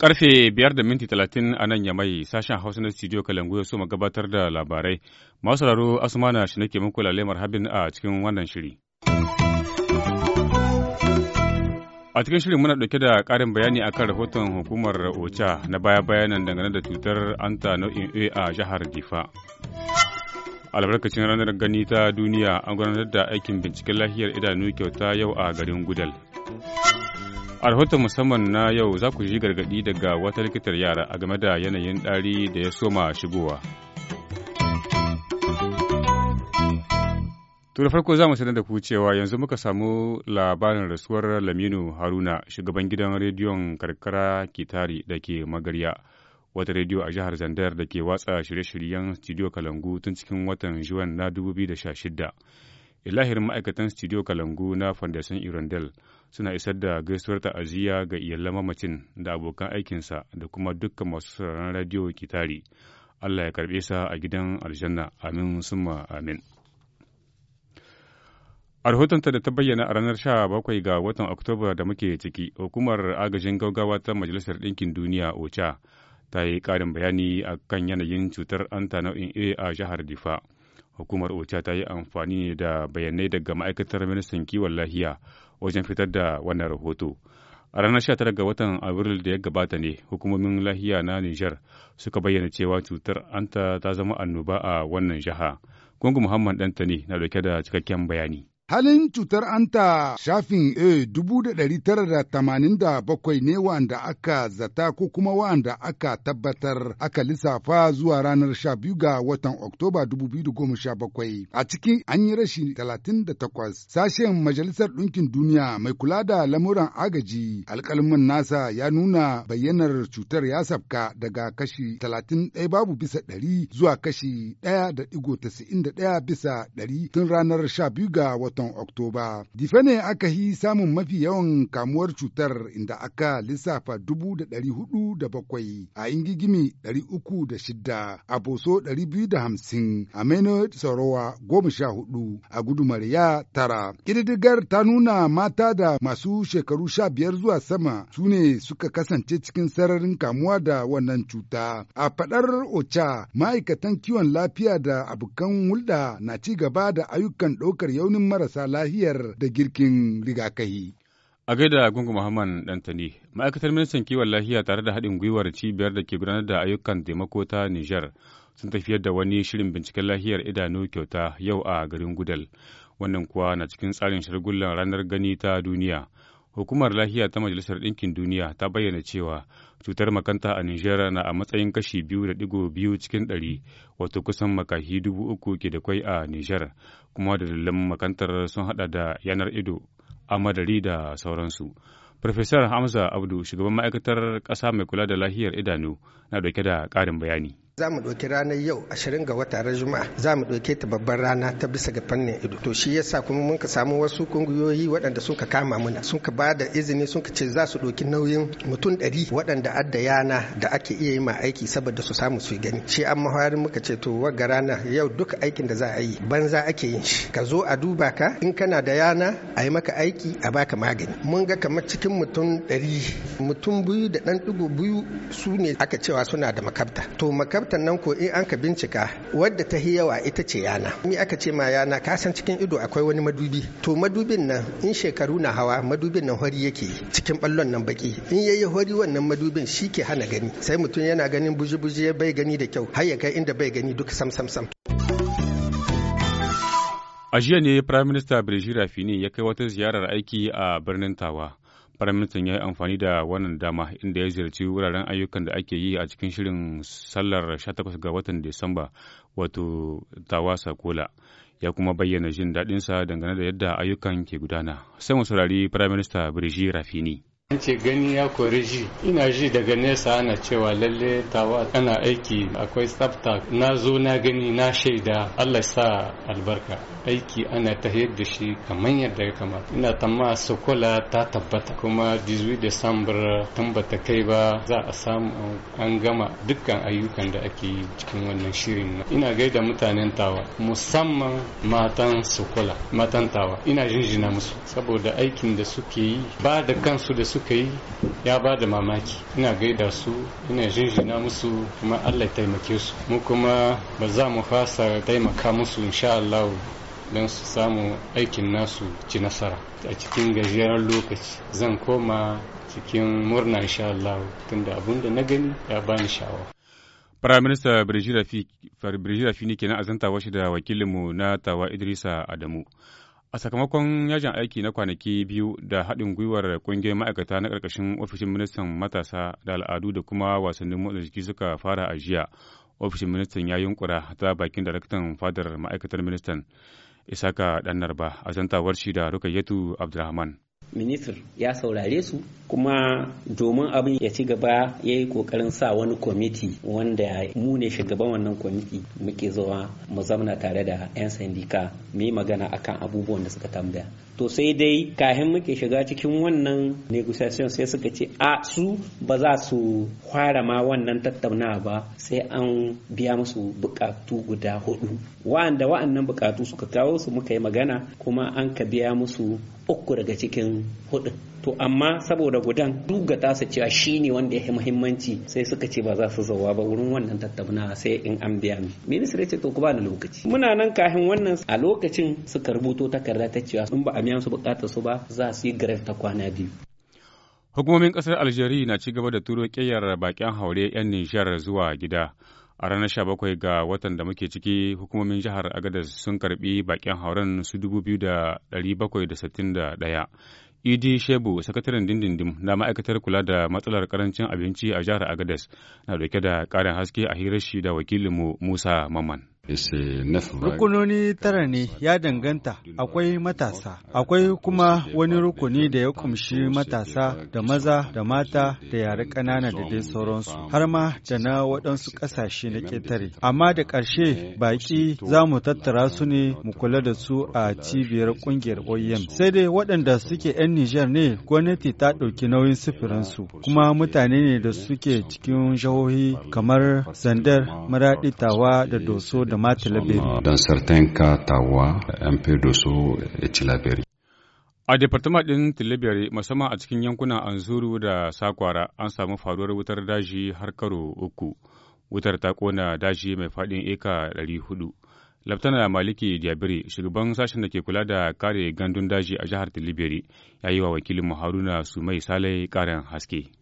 Karfe biyar da minti talatin a nan yamai sashen Hausa na studio Kalangu ya so gabatar da labarai. Masu sauraro Asmana shi nake muku lalemar habin a cikin wannan shiri. A cikin shirin muna dauke da ƙarin bayani akan rahoton hukumar OCHA na baya-bayanan dangane da cutar anta nau'in A a jihar Difa. Albarkacin ranar gani ta duniya an gudanar da aikin binciken lafiyar idanu kyauta yau a garin Gudal. A rahoton musamman na yau za ku ji gargaɗi daga wata likitar yara a game da yanayin ɗari da ya soma shigowa. To da farko za mu sanar da ku cewa yanzu muka samu labarin rasuwar Laminu Haruna shugaban gidan rediyon karkara Kitari da ke Magarya wata rediyo a jihar Zandar da ke watsa shirye-shiryen Studio Kalangu tun cikin watan Juwan na 2016. Ilahirin ma'aikatan Studio Kalangu na Foundation Irondel suna isar da gaisuwar ta'aziyya ga iyalan mamacin da abokan aikinsa da kuma dukkan masu sauraron rediyo Kitari. Allah ya karɓe sa a gidan aljanna amin summa amin. A rahotonta da ta bayyana a ranar 17 ga watan Oktoba da muke ciki, hukumar agajin gaugawa ta Majalisar Ɗinkin Duniya OCHA ta yi ƙarin bayani a kan yanayin cutar anta nau'in A a jihar Difa. Hukumar OCHA ta yi amfani da bayanai daga ma'aikatar ministan kiwon lahiya wajen fitar da wannan rahoto. A ranar 19 ga watan Abril da ya gabata ne, hukumomin lahiya na Nijar suka bayyana cewa cutar anta ta zama annoba a wannan jiha. Gungu Muhammad Dantani na dauke da cikakken bayani. Halin cutar anta shafin A dubu da dari tara da tamanin da bakwai ne wa'anda aka zata ko kuma wa'anda aka tabbatar aka lissafa zuwa ranar sha biyu ga watan Oktoba dubu biyu da goma sha bakwai. A cikin an yi rashi talatin da takwas. Sashen Majalisar Ɗinkin Duniya mai kula da lamuran agaji alƙalmin nasa ya nuna bayyanar cutar ya sabka daga kashi talatin ɗaya babu bisa ɗari zuwa kashi ɗaya da ɗigo tasa'in da ɗaya bisa ɗari tun ranar sha biyu ga watan watan Oktoba. Dife ne aka yi samun mafi yawan kamuwar cutar inda aka lissafa dubu da ɗari hudu da bakwai a ingigimi ɗari uku da shida a boso ɗari biyu da hamsin a maino sarowa goma sha hudu a gudumariya tara. Ƙididdigar ta nuna mata da masu shekaru sha biyar zuwa sama su ne suka kasance cikin sararin kamuwa da wannan cuta. A faɗar OCHA ma'aikatan kiwon lafiya da abokan hulɗa na ci gaba da ayyukan ɗaukar yaunin mara marasa lahiyar da girkin rigakahi. A gaida Gungu Muhammad Dantani, ma'aikatar ministan kiwon lahiya tare da haɗin gwiwar cibiyar da ke gudanar da ayyukan taimako ta Nijar sun tafiyar da wani shirin binciken lahiyar idanu kyauta yau a garin Gudal. Wannan kuwa na cikin tsarin shirgullan ranar gani ta duniya. Hukumar lahiya ta Majalisar Ɗinkin Duniya ta bayyana cewa cutar makanta a Nijar na a matsayin kashi biyu da digo biyu cikin ɗari wato kusan makahi dubu uku ke da kwai a Nijar kuma da dalilan makantar sun hada da yanar ido amadari da sauransu. Farfesar Hamza Abdu shugaban ma'aikatar ƙasa mai kula da lahiyar idanu na dauke da ƙarin bayani. za mu ɗauki ranar yau 20 ga wata juma'a za mu ɗauke ta babban rana ta bisa ga fannin ido to shi yasa kuma mun ka samu wasu kungiyoyi waɗanda sun ka kama muna sun ka bada izini sun ka ce za su ɗauki nauyin mutum ɗari waɗanda adda yana da ake iya yi ma aiki saboda su samu su gani shi an mahawarin muka ce to wa rana yau duka aikin da za a yi banza ake yin shi ka zo a duba ka in kana da yana a yi maka aiki a baka magani mun ga kamar cikin mutum ɗari mutum biyu da ɗan ɗigo biyu su ne aka cewa suna da makabta to makabta farautar nan ko in an ka bincika wadda ta hi yawa ita ce yana ni aka ce ma yana ka san cikin ido akwai wani madubi to madubin nan in shekaru na hawa madubin nan hori yake cikin ballon nan baki in yayi hori wannan madubin shi ke hana gani sai mutum yana ganin buji-buji bai gani da kyau har ya kai inda bai gani duk sam sam sam A jiya ne Firaminista Birjira Fini ya kai wata ziyarar aiki a birnin Tawa. Firaministan ya yi amfani da wannan dama inda ya ziyarci wuraren ayyukan da ake yi a cikin shirin sallar 18 ga watan Disamba wato Tawasa Kola. Ya kuma bayyana jin daɗinsa dangane da yadda ayyukan ke gudana. Sai mu saurari minista Birji Rafini. An ce gani ya kori ji, ina ji daga nesa ana cewa lalle tawa ana aiki akwai tsafta na zo na gani na shaida Allah sa albarka. Aiki ana ta da shi kamar yadda ya kamata. Ina tamma sokola ta tabbata kuma 18 december tun bata kai ba za a samu an gama dukkan ayyukan da ake yi cikin wannan shirin na. Ina gaida mutanen tawa musamman matan sokola matan tawa ina jinjina musu saboda aikin da suke yi ba da kansu da su suka yi ya ba da mamaki ina gaida su ina jinjina musu kuma allah taimake su mu kuma ba za mu fasa taimaka musu insha allahu don su samu aikin nasu ci nasara a cikin gajeren lokaci zan koma cikin murna insha allahu tunda abun da na gani ya bani sha'awa Minister Birjira Fini kenan azanta zantawar da wakilinmu na Tawa Idrisa Adamu. A sakamakon yajin aiki na kwanaki biyu da haɗin gwiwar ƙungiyar ma'aikata na ƙarƙashin ofishin ministan matasa da al'adu da kuma wasannin motsa jiki suka fara a jiya, ofishin ministan ya yunkura ta bakin daraktan fadar ma'aikatar ministan Isaka Ɗannarba a zantawar shi da Rukayyatu Abdulrahman. ministr ya saurare su kuma domin abin ya ci gaba ya yi kokarin sa wani kwamiti wanda mu ne shugaban wannan kwamiti muke zuwa mu zamna tare da 'yan sandika mu yi magana akan abubuwan da suka tambaya to sai dai kahin muke shiga cikin wannan negotiation sai suka ce a su ba za su fara ma wannan tattaunawa ba sai an biya musu bukatu guda hudu wa'anda wa'annan bukatu suka kawo su muka yi magana kuma an ka biya musu uku daga cikin hudu to amma saboda gudan duga tasa cewa shi ne wanda ya muhimmanci sai suka ce ba za su zauwa ba wurin wannan tattauna sai in an biya mi ministry ce to ku bani lokaci muna nan kafin wannan a lokacin suka rubuto takarda ta cewa sun ba a biya su bukatar su ba za su yi grave ta kwana biyu hukumomin kasar algeria na ci gaba da turo kiyar bakin haure 'yan nijar zuwa gida a ranar 17 ga watan da muke ciki hukumomin jihar agadas sun karbi bakin hauren su 2,761 idi shebu sakataren dindindin na ma'aikatar kula da matsalar karancin abinci a jihar agadas na dauke da karin haske a hirar shi da wakilinmu musa maman Uh, Rukunoni tara ne ya danganta akwai matasa, akwai kuma wani rukuni da ya kumshi matasa da maza da mata da yare ƙanana da dai sauransu, har ma da na waɗansu ƙasashe na ƙetare. Amma da ƙarshe baƙi za mu tattara su ne mu kula da su a cibiyar ƙungiyar OEM. Sai dai waɗanda suke 'yan Nijar ne gwamnati ta ɗauki nauyin sufurinsu, kuma mutane ne da suke cikin jihohi kamar Zandar, Maraɗi, Tawa da Doso da kamar Tilaberi. cas, Tawa, un peu A departement ɗin Tilibiri musamman a cikin yankunan Anzuru da Sakwara an samu faruwar wutar daji har karo uku. Wutar ta kona daji mai faɗin eka 400. Laftana Maliki Jabiri, shugaban sashen da ke kula da kare gandun daji a jihar Tilibiri, ya yi wa wakilin Haruna Sumai Salai ƙarin haske.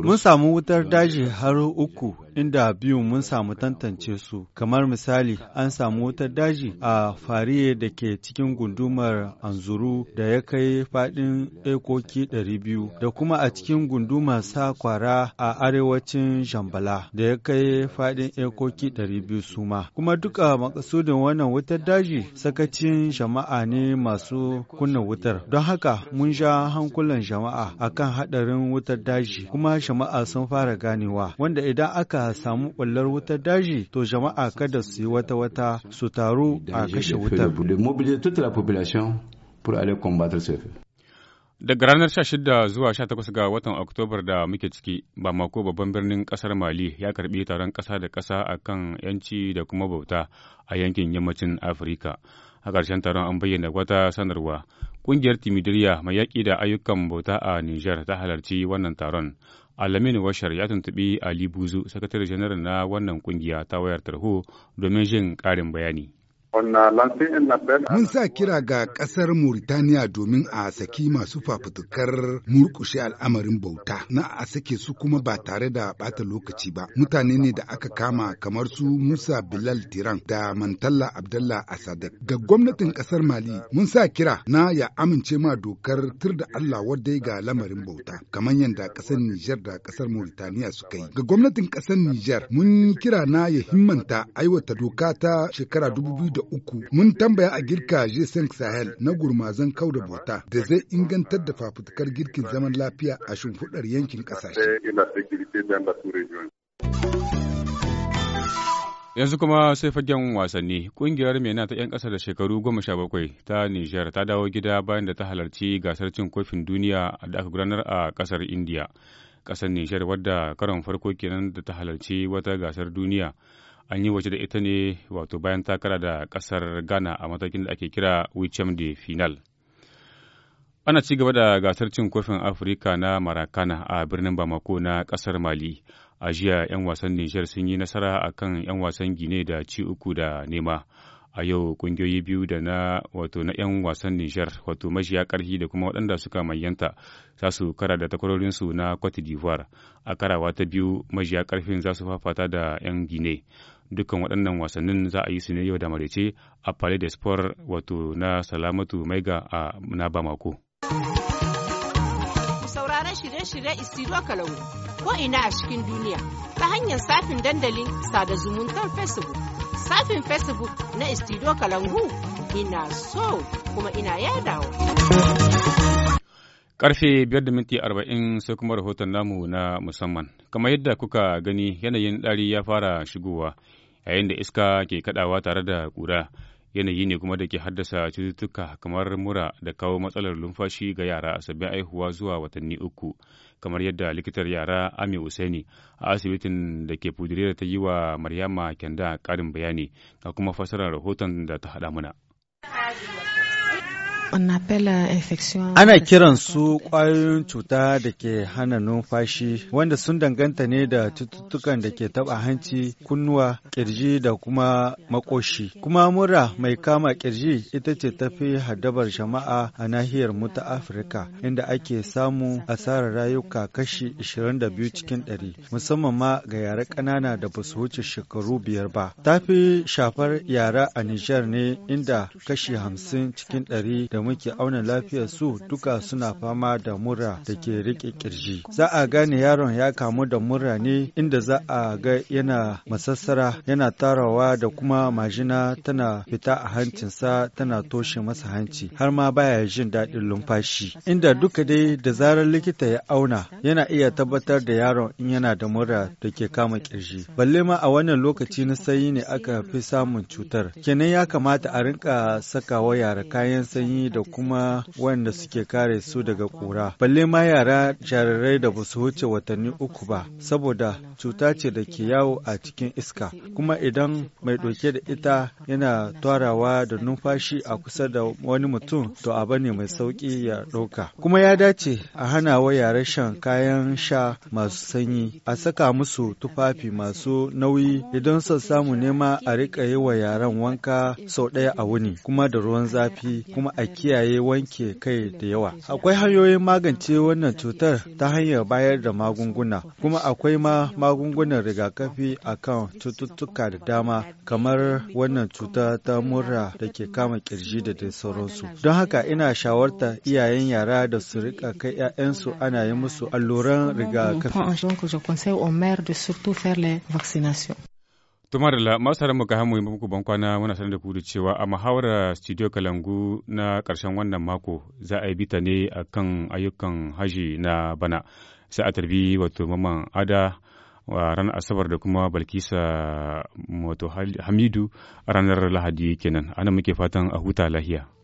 Mun samu wutar daji har uku inda biyu mun samu tantance su, kamar misali an samu wutar daji a fariye da ke cikin gundumar anzuru da ya kai faɗin ekoki biyu da kuma a cikin gundumar sakwara a arewacin jambala da ya kai faɗin ekoki biyu suma. Kuma duka makasudin wannan wutar daji sakacin jama'a ne masu kunna wutar. Don haka mun sha hankulan jama'a akan hadarin wutar daji kuma jama'a sun fara ganewa wanda idan aka samu ɓullar wutar daji to jama'a kada su yi wata wata su taru a kashe wutar. Daga ranar 16 zuwa 18 ga watan Oktobar da muke ciki, Bamako babban birnin kasar Mali ya karbi taron kasa da kasa a kan ‘yanci da kuma bauta a yankin yammacin Afirka. A karshen taron an bayyana wata sanarwa Ƙungiyar Timidiriya mai yaƙi da ayyukan bauta a Nijar ta halarci wannan taron. Alamin Washar ya tuntuɓi Ali Buzu, sakatare janar na wannan ƙungiya ta wayar tarho domin jin ƙarin bayani. Mun sa kira ga ƙasar Mauritaniya domin a saki masu fafutukar murƙushe al'amarin bauta na a sake su kuma ba tare da ɓata lokaci ba. Mutane ne da aka kama kamar su Musa Bilal Tiran da Mantalla Abdallah Asadar. Ga gwamnatin ƙasar Mali mun sa kira na ya amince ma dokar tur da Allah wadda ga lamarin bauta kamar yadda ƙasar Nijar da kasar Mauritaniya suka yi. Ga gwamnatin ƙasar Nijar mun kira na ya himmanta aiwata doka ta shekara dubu biyu da uku mun tambaya a girka g Sahel na gurmazan kau da bota da zai ingantar da fafutukar girkin zaman lafiya a shimfiɗar yankin ƙasashe. yanzu kuma sai fagen wasanni kungiyar mena ta 'yan ƙasa da shekaru goma sha bakwai ta nijar ta dawo gida bayan da ta halarci gasar cin kofin duniya da aka gudanar a ƙasar indiya ƙasar nijar wadda karon farko kenan da ta halarci wata gasar duniya an yi waje da ita ne wato bayan takara da kasar ghana a matakin da ake kira wichem de final ana ci gaba da gasar cin kofin afirka na marakana a birnin bamako na kasar mali a jiya 'yan wasan nijar sun yi nasara a kan 'yan wasan gine da ci uku da nema a yau kungiyoyi biyu da na wato na 'yan wasan nijar wato majiya karhi da kuma waɗanda suka manyanta za su kara da takwarorinsu na cote d'ivoire a karawa ta biyu majiya karfin za su fafata da 'yan gine dukkan waɗannan wasannin za a yi su ne yau da marece a palais de sport wato na salamatu maiga a na bamako sauraron shirye-shirye isiro kalau ko ina a cikin duniya ta hanyar safin dandalin sada zumuntar facebook safin facebook na istido kalangu ina so kuma ina yadawa Karfe biyar da minti arba'in sai kuma rahoton namu na musamman. Kamar yadda kuka gani yanayin ɗari ya fara shigowa yayin da iska ke kadawa tare da ƙura yanayi ne kuma da ke haddasa cututtuka kamar mura da kawo matsalar lumfashi ga yara a sabbin aihuwa zuwa watanni uku kamar yadda likitar yara ami usaini a asibitin da ke da ta yi wa maryama kyanda karin bayani ga kuma fassarar rahoton da ta haɗa mana. Euh, Ana kiran su ƙwayoyin cuta da ke hana numfashi wanda sun danganta ne da cututtukan da ke taɓa hanci, kunnuwa, ƙirji da kuma makoshi. Kuma mura mai kama ƙirji ita ce tafi haddabar jama'a a nahiyar mu ta Afirka inda ake samu asarar rayuka kashi 22 cikin 100 musamman ma ga yara ƙanana da ba su wuce shekaru biyar ba. Ta fi shafar yara a Nijar ne inda kashi 50 cikin 100 da muke auna lafiyar su duka suna fama da mura da ke rike kirji. Za a gane yaron ya kamu da mura ne inda za a ga yana masassara, yana tarawa da kuma majina tana fita a hancinsa tana toshe masa hanci har ma baya jin daɗin lumfashi. Inda duka dai da zarar likita ya auna yana iya tabbatar da yaron in yana da mura da ke kama kirji. Balle ma a wannan lokaci na sanyi ne aka fi samun cutar. Kenan ya kamata a rinka sakawa yara kayan sanyi da kuma wanda suke kare su daga ƙura. Balle ma yara jarirai da ba su wuce watanni uku ba, saboda cuta ce da ke yawo a cikin iska. Kuma idan mai ɗauke da ita yana twarawa da numfashi a kusa da wani mutum to abu ne mai sauƙi ya ɗauka. Kuma ya dace a hana wa yara shan kayan sha masu sanyi, a saka musu tufafi masu nauyi idan son samu nema a riƙa yi wa yaran wanka sau ɗaya a wuni kuma da ruwan zafi kuma a kiyaye wanke kai da yawa. Akwai hanyoyin magance wannan cutar ta hanyar bayar da magunguna, kuma akwai ma magungunan rigakafi a kan cututtuka da dama kamar wannan cuta ta murra da ke kama kirji da dai sauransu. Don haka ina shawarta iyayen yara da su rika kai 'ya'yansu ana yi musu alluran rigakafi. Tuma da masu haram muka hamu muku ban kwana muna sanar da ku da cewa a muhawarar studio Kalangu na ƙarshen wannan mako za a yi bita ne a kan ayyukan haji na bana sai a tarbi wato maman ada ranar asabar da kuma balkisa wato hamidu ranar lahadi kenan ana muke fatan a huta lahiya.